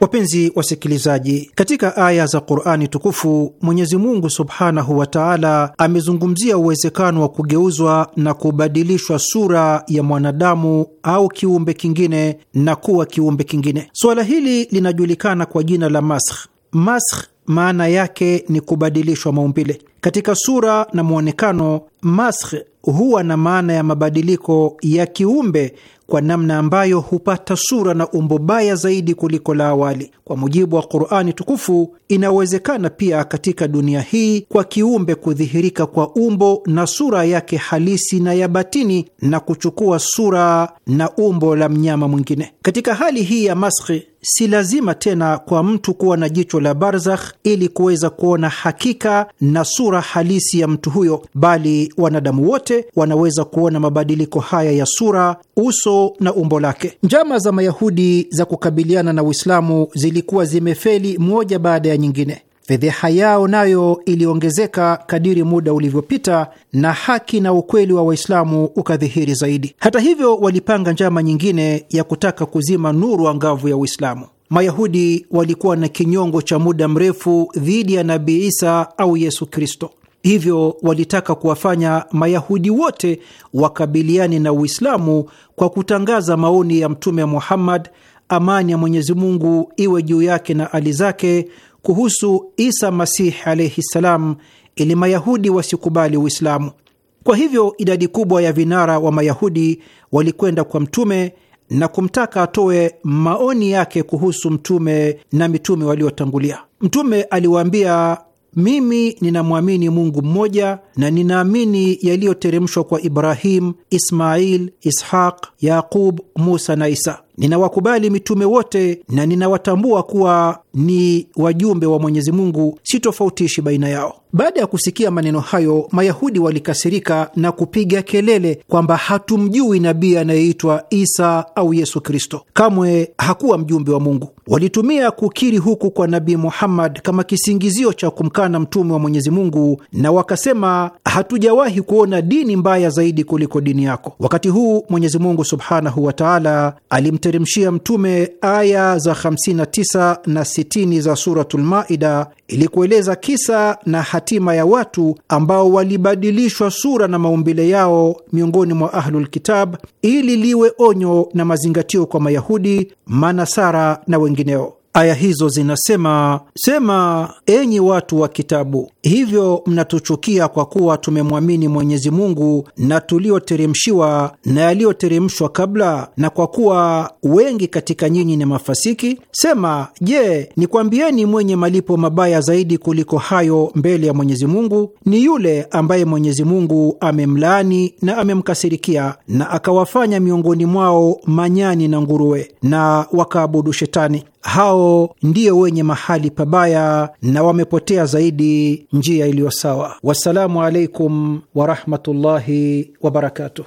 Wapenzi wasikilizaji, katika aya za Qur'ani tukufu Mwenyezi Mungu Subhanahu wa Ta'ala amezungumzia uwezekano wa kugeuzwa na kubadilishwa sura ya mwanadamu au kiumbe kingine na kuwa kiumbe kingine. Suala hili linajulikana kwa jina la maskh. Maskh maana yake ni kubadilishwa maumbile. Katika sura na mwonekano, maskh huwa na maana ya mabadiliko ya kiumbe kwa namna ambayo hupata sura na umbo baya zaidi kuliko la awali. Kwa mujibu wa Qur'ani tukufu, inawezekana pia katika dunia hii kwa kiumbe kudhihirika kwa umbo na sura yake halisi na ya batini na kuchukua sura na umbo la mnyama mwingine. Katika hali hii ya maskhi, si lazima tena kwa mtu kuwa na jicho la barzakh ili kuweza kuona hakika na sura sura halisi ya mtu huyo, bali wanadamu wote wanaweza kuona mabadiliko haya ya sura, uso na umbo lake. Njama za Mayahudi za kukabiliana na Uislamu zilikuwa zimefeli moja baada ya nyingine. Fedheha yao nayo iliongezeka kadiri muda ulivyopita na haki na ukweli wa Waislamu ukadhihiri zaidi. Hata hivyo, walipanga njama nyingine ya kutaka kuzima nuru angavu ya Uislamu. Mayahudi walikuwa na kinyongo cha muda mrefu dhidi ya Nabii Isa au Yesu Kristo, hivyo walitaka kuwafanya Mayahudi wote wakabiliane na Uislamu kwa kutangaza maoni ya Mtume Muhammad, amani ya Mwenyezi Mungu iwe juu yake na ali zake, kuhusu Isa Masihi alaihi ssalam, ili Mayahudi wasikubali Uislamu. Kwa hivyo idadi kubwa ya vinara wa Mayahudi walikwenda kwa Mtume na kumtaka atoe maoni yake kuhusu mtume na mitume waliotangulia. Mtume aliwaambia, mimi ninamwamini Mungu mmoja na ninaamini yaliyoteremshwa kwa Ibrahim, Ismail, Ishaq, Yaqub, Musa na Isa. Ninawakubali mitume wote na ninawatambua kuwa ni wajumbe wa Mwenyezi Mungu, sitofautishi baina yao. Baada ya kusikia maneno hayo, Mayahudi walikasirika na kupiga kelele kwamba hatumjui nabii anayeitwa Isa au Yesu Kristo, kamwe hakuwa mjumbe wa Mungu. Walitumia kukiri huku kwa Nabii Muhammad kama kisingizio cha kumkana mtume wa Mwenyezi Mungu, na wakasema, hatujawahi kuona dini mbaya zaidi kuliko dini yako. Wakati huu Mwenyezi Mungu subhanahu wataala alimte kumteremshia Mtume aya za 59 na 60 za Suratul Maida ili kueleza kisa na hatima ya watu ambao walibadilishwa sura na maumbile yao miongoni mwa Ahlulkitab ili liwe onyo na mazingatio kwa Mayahudi, Manasara na wengineo. Aya hizo zinasema: Sema, enyi watu wa Kitabu, Hivyo mnatuchukia kwa kuwa tumemwamini Mwenyezi Mungu na tulioteremshiwa na yaliyoteremshwa kabla, na kwa kuwa wengi katika nyinyi ni mafasiki. Sema, je, nikwambieni mwenye malipo mabaya zaidi kuliko hayo mbele ya Mwenyezi Mungu ni yule ambaye Mwenyezi Mungu amemlaani na amemkasirikia na akawafanya miongoni mwao manyani na nguruwe na wakaabudu shetani. Hao ndio wenye mahali pabaya na wamepotea zaidi njia iliyo sawa. Wassalamu alaikum warahmatullahi wabarakatuh.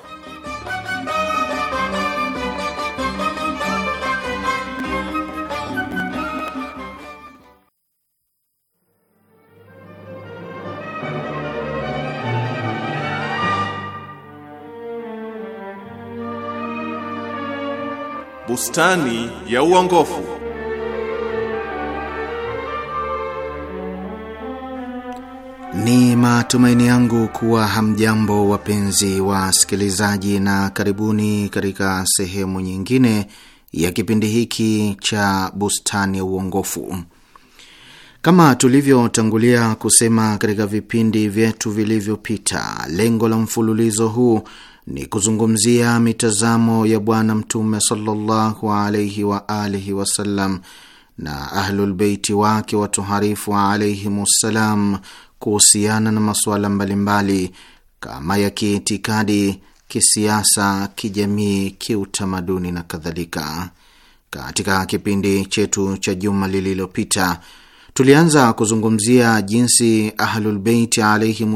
Bustani ya Uongofu. Ni matumaini yangu kuwa hamjambo wapenzi wasikilizaji, na karibuni katika sehemu nyingine ya kipindi hiki cha Bustani ya Uongofu. Kama tulivyotangulia kusema katika vipindi vyetu vilivyopita, lengo la mfululizo huu ni kuzungumzia mitazamo ya Bwana Mtume sallallahu alaihi wa alihi wasallam na Ahlulbeiti wake watuharifu alaihim kuhusiana na masuala mbalimbali kama ya kiitikadi, kisiasa, kijamii, kiutamaduni na kadhalika. Katika kipindi chetu cha juma lililopita tulianza kuzungumzia jinsi Ahlulbeiti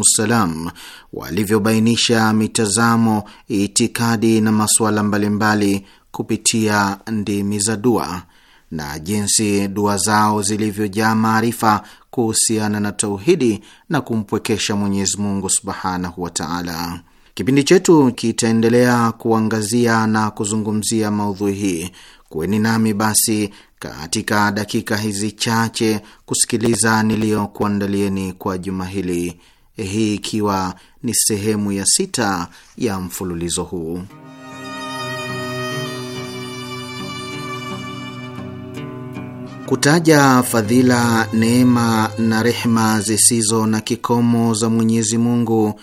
ssalam walivyobainisha mitazamo, itikadi na masuala mbalimbali kupitia ndimi za dua na jinsi dua zao zilivyojaa maarifa kuhusiana na tauhidi na kumpwekesha Mwenyezi Mungu subhanahu wa taala. Kipindi chetu kitaendelea kuangazia na kuzungumzia maudhui hii. Kuweni nami basi katika dakika hizi chache kusikiliza niliyokuandalieni kwa juma hili, hii ikiwa ni sehemu ya sita ya mfululizo huu. Kutaja fadhila, neema na rehma zisizo na kikomo za Mwenyezi Mungu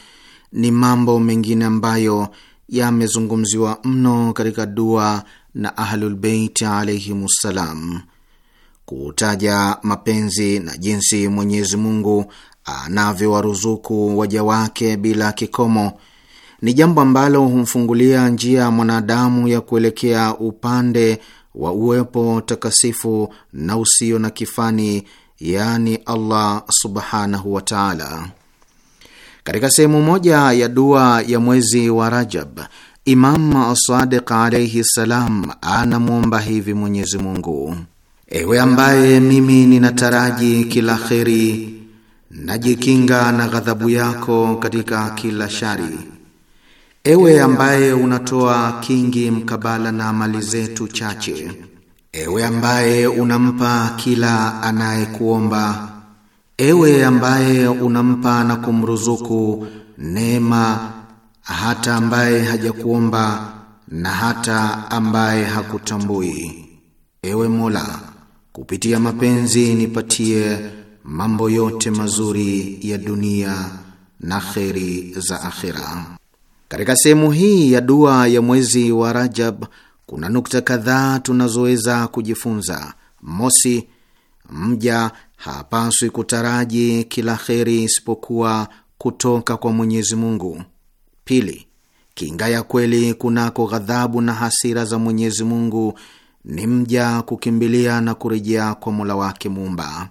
ni mambo mengine ambayo yamezungumziwa mno katika dua na Ahlulbeit alaihimussalam. Kutaja mapenzi na jinsi Mwenyezi Mungu anavyowaruzuku waja wake bila kikomo ni jambo ambalo humfungulia njia mwanadamu ya kuelekea upande wa uwepo takasifu na usio na kifani, yani Allah subhanahu wa taala. Katika sehemu moja ya dua ya mwezi wa Rajab, Imam Sadiq alaihi ssalam anamwomba hivi Mwenyezi Mungu: ewe ambaye mimi ninataraji kila kheri, najikinga na ghadhabu yako katika kila shari Ewe ambaye unatoa kingi mkabala na mali zetu chache, ewe ambaye unampa kila anayekuomba, ewe ambaye unampa na kumruzuku neema hata ambaye hajakuomba na hata ambaye hakutambui. Ewe Mola, kupitia mapenzi nipatie mambo yote mazuri ya dunia na kheri za akhira. Katika sehemu hii ya dua ya mwezi wa Rajab kuna nukta kadhaa tunazoweza kujifunza. Mosi, mja hapaswi kutaraji kila kheri isipokuwa kutoka kwa Mwenyezi Mungu. Pili, kinga ya kweli kunako ghadhabu na hasira za Mwenyezi Mungu ni mja kukimbilia na kurejea kwa Mola wake Muumba.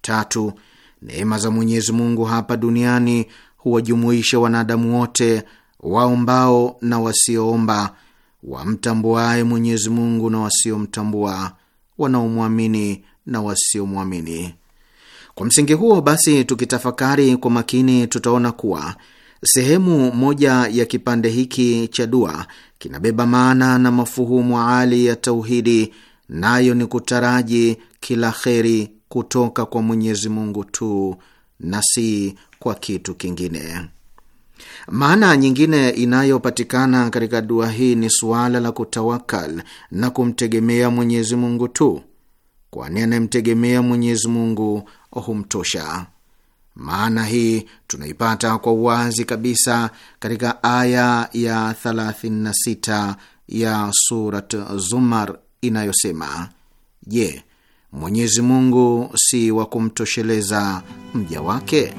Tatu, neema za Mwenyezi Mungu hapa duniani huwajumuisha wanadamu wote waombao na wasioomba, wamtambuaye Mwenyezi Mungu na wasiomtambua, wanaomwamini na wasiomwamini. Kwa msingi huo basi, tukitafakari kwa makini, tutaona kuwa sehemu moja ya kipande hiki cha dua kinabeba maana na mafuhumu ali ya tauhidi, nayo ni kutaraji kila kheri kutoka kwa Mwenyezi Mungu tu na si kwa kitu kingine. Maana nyingine inayopatikana katika dua hii ni suala la kutawakal na kumtegemea Mwenyezi Mungu tu, kwani anayemtegemea Mwenyezi Mungu humtosha. Maana hii tunaipata kwa uwazi kabisa katika aya ya 36 ya Surat Zumar inayosema: Je, Mwenyezi Mungu si wa kumtosheleza mja wake?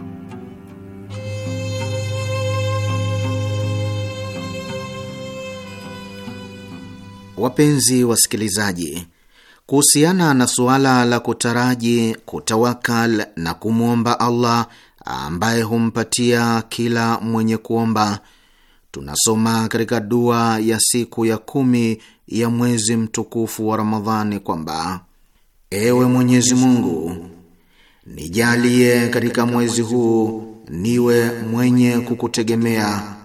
Wapenzi wasikilizaji, kuhusiana na suala la kutaraji, kutawakal na kumwomba Allah ambaye humpatia kila mwenye kuomba, tunasoma katika dua ya siku ya kumi ya mwezi mtukufu wa Ramadhani kwamba ewe Mwenyezi Mungu, nijalie katika mwezi huu niwe mwenye kukutegemea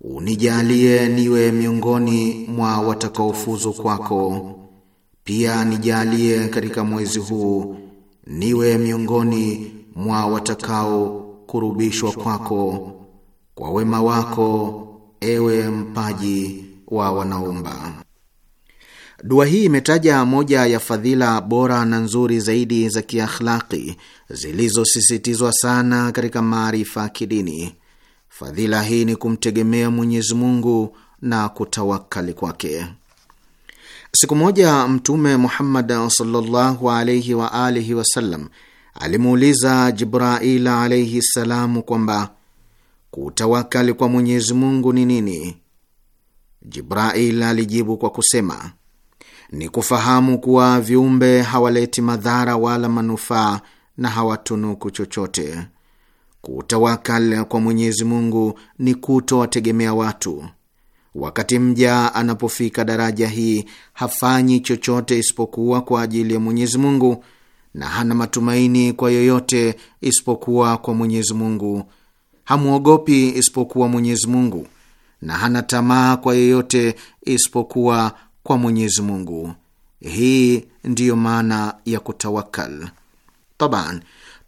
unijalie niwe miongoni mwa watakaofuzu kwako, pia nijalie katika mwezi huu niwe miongoni mwa watakaokurubishwa kwako kwa wema wako, ewe mpaji wa wanaomba. Dua hii imetaja moja ya fadhila bora na nzuri zaidi za kiakhlaki zilizosisitizwa sana katika maarifa kidini. Fadhila hii ni kumtegemea Mwenyezi Mungu na kutawakali kwake. Siku moja Mtume Muhammad sallallahu alaihi wa alihi wasallam alimuuliza Jibrail alaihi salamu kwamba kutawakali kwa Mwenyezi Mungu ni nini? Jibrail alijibu kwa kusema ni kufahamu kuwa viumbe hawaleti madhara wala manufaa na hawatunuku chochote Kutawakal kwa Mwenyezi Mungu ni kutowategemea watu. Wakati mja anapofika daraja hii, hafanyi chochote isipokuwa kwa ajili ya Mwenyezi Mungu na hana matumaini kwa yoyote isipokuwa kwa Mwenyezi Mungu. Hamwogopi isipokuwa Mwenyezi Mungu na hana tamaa kwa yoyote isipokuwa kwa Mwenyezi Mungu. Hii ndiyo maana ya kutawakal taban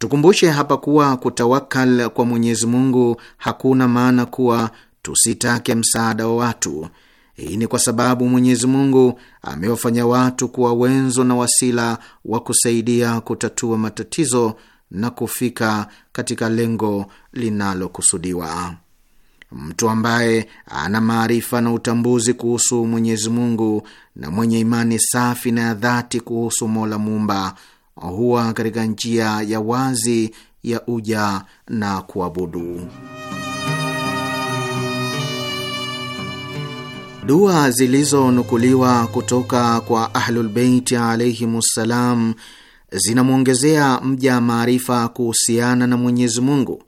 Tukumbushe hapa kuwa kutawakal kwa Mwenyezi Mungu hakuna maana kuwa tusitake msaada wa watu. Hii ni kwa sababu Mwenyezi Mungu amewafanya watu kuwa wenzo na wasila wa kusaidia kutatua matatizo na kufika katika lengo linalokusudiwa. Mtu ambaye ana maarifa na utambuzi kuhusu Mwenyezi Mungu na mwenye imani safi na ya dhati kuhusu Mola Muumba huwa katika njia ya wazi ya uja na kuabudu. Dua zilizonukuliwa kutoka kwa Ahlulbeiti ssalam zinamwongezea mja maarifa kuhusiana na Mwenyezi Mungu,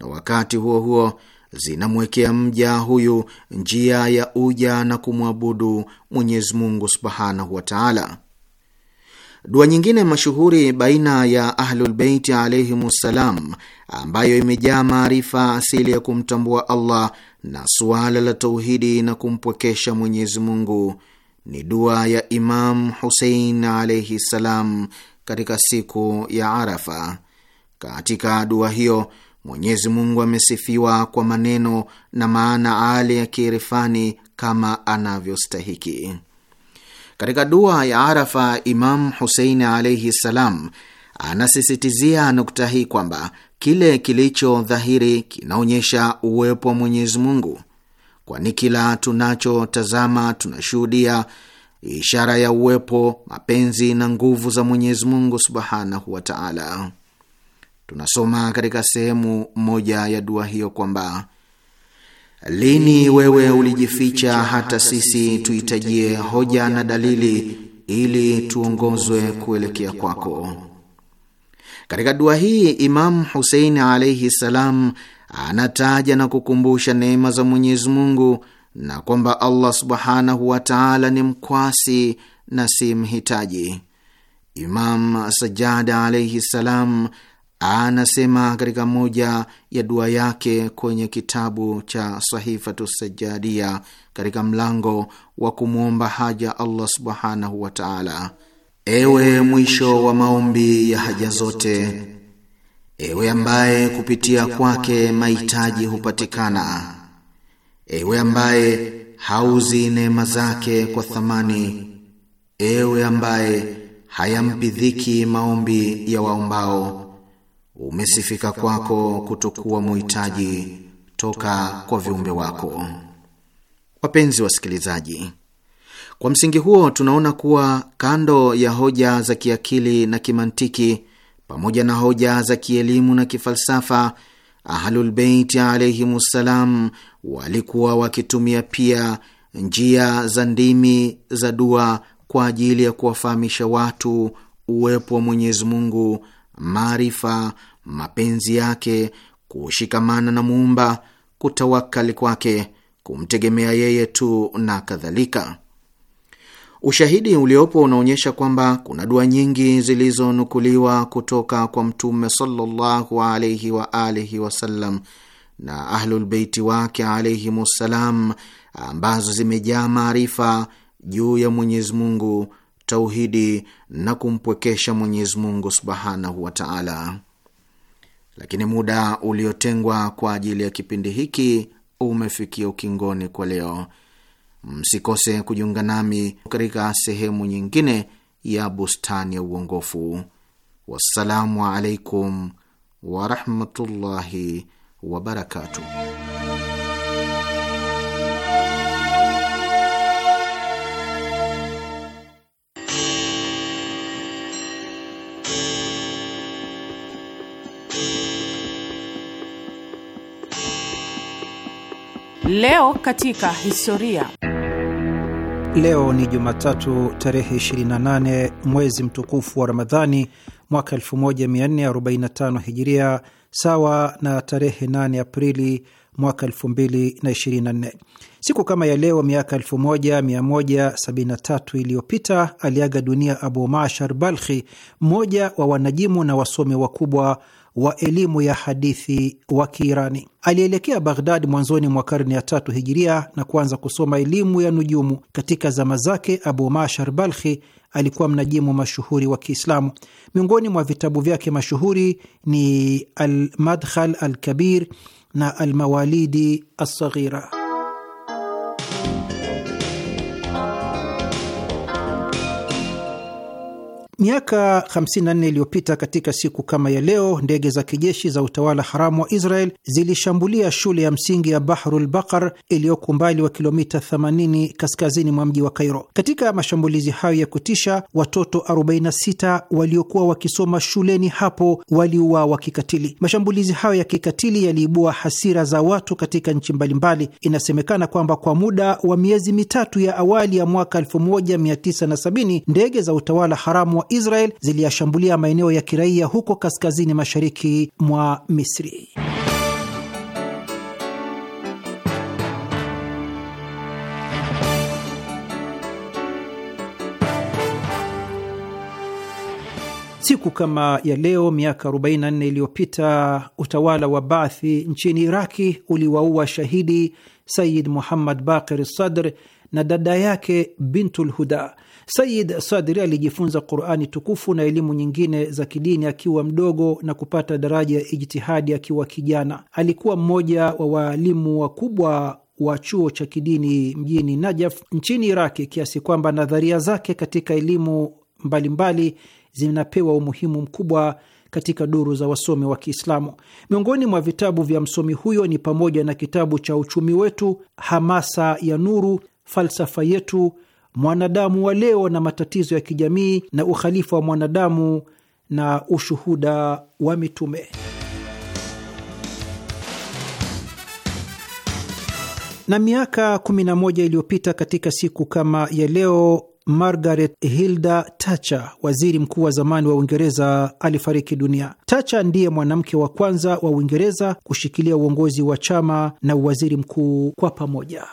na wakati huo huo zinamwekea mja huyu njia ya uja na kumwabudu Mwenyezi Mungu subhanahu wa taala. Dua nyingine mashuhuri baina ya Ahlulbeiti alaihimussalam, ambayo imejaa maarifa asili ya kumtambua Allah na suala la tauhidi na kumpwekesha Mwenyezi Mungu ni dua ya Imam Husein alaihi ssalam katika siku ya Arafa. Katika dua hiyo Mwenyezi Mungu amesifiwa kwa maneno na maana ali ya kiirfani kama anavyostahiki. Katika dua ya Arafa, Imamu Huseini alaihi ssalam anasisitizia nukta hii kwamba kile kilicho dhahiri kinaonyesha uwepo wa Mwenyezi Mungu, kwani kila tunachotazama tunashuhudia ishara ya uwepo, mapenzi na nguvu za Mwenyezi Mungu subhanahu wa taala. Tunasoma katika sehemu moja ya dua hiyo kwamba Lini wewe ulijificha hata sisi tuhitajie hoja na dalili ili tuongozwe kuelekea kwako. Katika dua hii Imamu Husein alaihi salam anataja na kukumbusha neema za Mwenyezi Mungu na kwamba Allah subhanahu wa taala ni mkwasi na si mhitaji. Imam Sajada alaihi salam Anasema katika moja ya dua yake kwenye kitabu cha Sahifatu Sajadia katika mlango wa kumwomba haja Allah subhanahu wa taala: ewe mwisho wa maombi ya haja zote, ewe ambaye kupitia kwake mahitaji hupatikana, ewe ambaye hauzi neema zake kwa thamani, ewe ambaye hayampi dhiki maombi ya waombao umesifika kwako kutokuwa muhitaji toka kwa viumbe wako. Wapenzi wasikilizaji, kwa msingi huo tunaona kuwa kando ya hoja za kiakili na kimantiki pamoja na hoja za kielimu na kifalsafa, Ahlulbeiti alaihimussalam walikuwa wakitumia pia njia za ndimi za dua kwa ajili ya kuwafahamisha watu uwepo wa Mwenyezi Mungu maarifa, mapenzi yake, kushikamana na Muumba, kutawakali kwake, kumtegemea yeye tu na kadhalika. Ushahidi uliopo unaonyesha kwamba kuna dua nyingi zilizonukuliwa kutoka kwa Mtume sallallahu alaihi wa alihi wasallam na Ahlulbeiti wake alaihimussalam, ambazo zimejaa maarifa juu ya Mwenyezi Mungu tauhidi na kumpwekesha Mwenyezi Mungu subhanahu wa taala. Lakini muda uliotengwa kwa ajili ya kipindi hiki umefikia ukingoni kwa leo. Msikose kujiunga nami katika sehemu nyingine ya Bustani ya Uongofu. Wassalamu alaikum warahmatullahi wabarakatuh. Leo katika historia. Leo ni Jumatatu tarehe 28 mwezi mtukufu wa Ramadhani mwaka 1445 Hijiria, sawa na tarehe 8 Aprili mwaka 2024. Siku kama ya leo miaka 1173 iliyopita aliaga dunia Abu Mashar Balkhi, mmoja wa wanajimu na wasomi wakubwa wa elimu ya hadithi wa Kiirani. Alielekea Baghdad mwanzoni mwa karne ya tatu hijiria na kuanza kusoma elimu ya nujumu. Katika zama zake, Abu Mashar Balkhi alikuwa mnajimu mashuhuri wa Kiislamu. Miongoni mwa vitabu vyake mashuhuri ni Almadkhal Alkabir na Almawalidi Alsaghira. Miaka 54 iliyopita katika siku kama ya leo, ndege za kijeshi za utawala haramu wa Israel zilishambulia shule ya msingi ya Bahrul Bakar iliyoko umbali wa kilomita 80 kaskazini mwa mji wa Kairo. Katika mashambulizi hayo ya kutisha, watoto 46 waliokuwa wakisoma shuleni hapo waliuawa kikatili. Mashambulizi hayo ya kikatili yaliibua hasira za watu katika nchi mbalimbali. Inasemekana kwamba kwa muda wa miezi mitatu ya awali ya mwaka 1970 ndege za utawala haramu wa Israel ziliyashambulia maeneo ya kiraia huko kaskazini mashariki mwa Misri. Siku kama ya leo miaka 44 iliyopita utawala wa Baathi nchini Iraki uliwaua shahidi Sayid Muhammad Baqir Sadr na dada yake Bintul Huda. Sayid Sadri alijifunza Qurani tukufu na elimu nyingine za kidini akiwa mdogo na kupata daraja ya ijtihadi akiwa kijana. Alikuwa mmoja wa waalimu wakubwa wa chuo cha kidini mjini Najaf nchini Iraki, kiasi kwamba nadharia zake katika elimu mbalimbali zinapewa umuhimu mkubwa katika duru za wasomi wa Kiislamu. Miongoni mwa vitabu vya msomi huyo ni pamoja na kitabu cha Uchumi Wetu, Hamasa ya Nuru, falsafa yetu, mwanadamu wa leo na matatizo ya kijamii, na ukhalifa wa mwanadamu na ushuhuda wa mitume. Na miaka 11 iliyopita katika siku kama ya leo, Margaret Hilda Thatcher, waziri mkuu wa zamani wa Uingereza, alifariki dunia. Thatcher ndiye mwanamke wa kwanza wa Uingereza kushikilia uongozi wa chama na uwaziri mkuu kwa pamoja.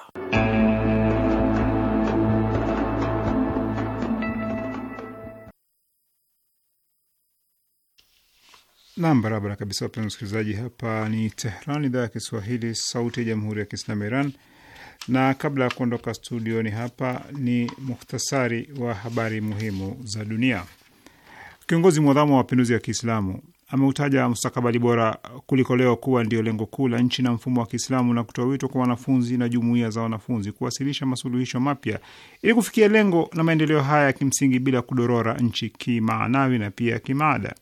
Nam, barabara kabisa, wapenzi msikilizaji, hapa ni Tehran, idhaa ya Kiswahili, sauti ya jamhuri ya kiislamu Iran. Na kabla ya kuondoka studioni hapa, ni muhtasari wa habari muhimu za dunia. Kiongozi mwadhamu wa mapinduzi ya Kiislamu ameutaja mustakabali bora kuliko leo kuwa ndio lengo kuu la nchi na mfumo wa Kiislamu na kutoa wito kwa wanafunzi na jumuiya za wanafunzi kuwasilisha masuluhisho mapya ili kufikia lengo na maendeleo haya ya kimsingi bila kudorora nchi kimaanawi na pia kimaada.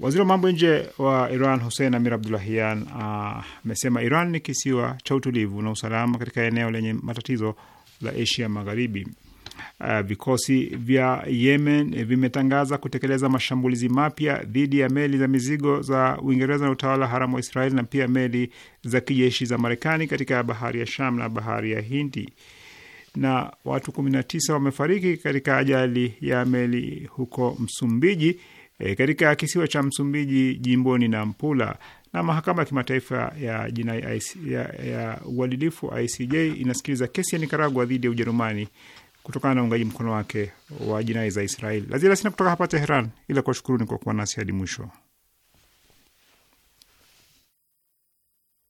Waziri wa mambo nje wa Iran Hussein Amir Abdulahian amesema uh, Iran ni kisiwa cha utulivu na usalama katika eneo lenye matatizo la Asia Magharibi. Uh, vikosi vya Yemen vimetangaza kutekeleza mashambulizi mapya dhidi ya meli za mizigo za Uingereza na utawala haramu wa Israeli na pia meli za kijeshi za Marekani katika bahari ya Sham na bahari ya Hindi na watu 19 wamefariki katika ajali ya meli huko Msumbiji e, katika kisiwa cha Msumbiji jimboni Nampula na mahakama ya kimataifa ya jinai ya uadilifu ICJ inasikiliza kesi ya Nikaragua dhidi ya Ujerumani kutokana na uungaji mkono wake wa jinai za Israeli. Lazima sina kutoka hapa Teheran, ila kuwashukuruni kwa kuwa nasi hadi mwisho.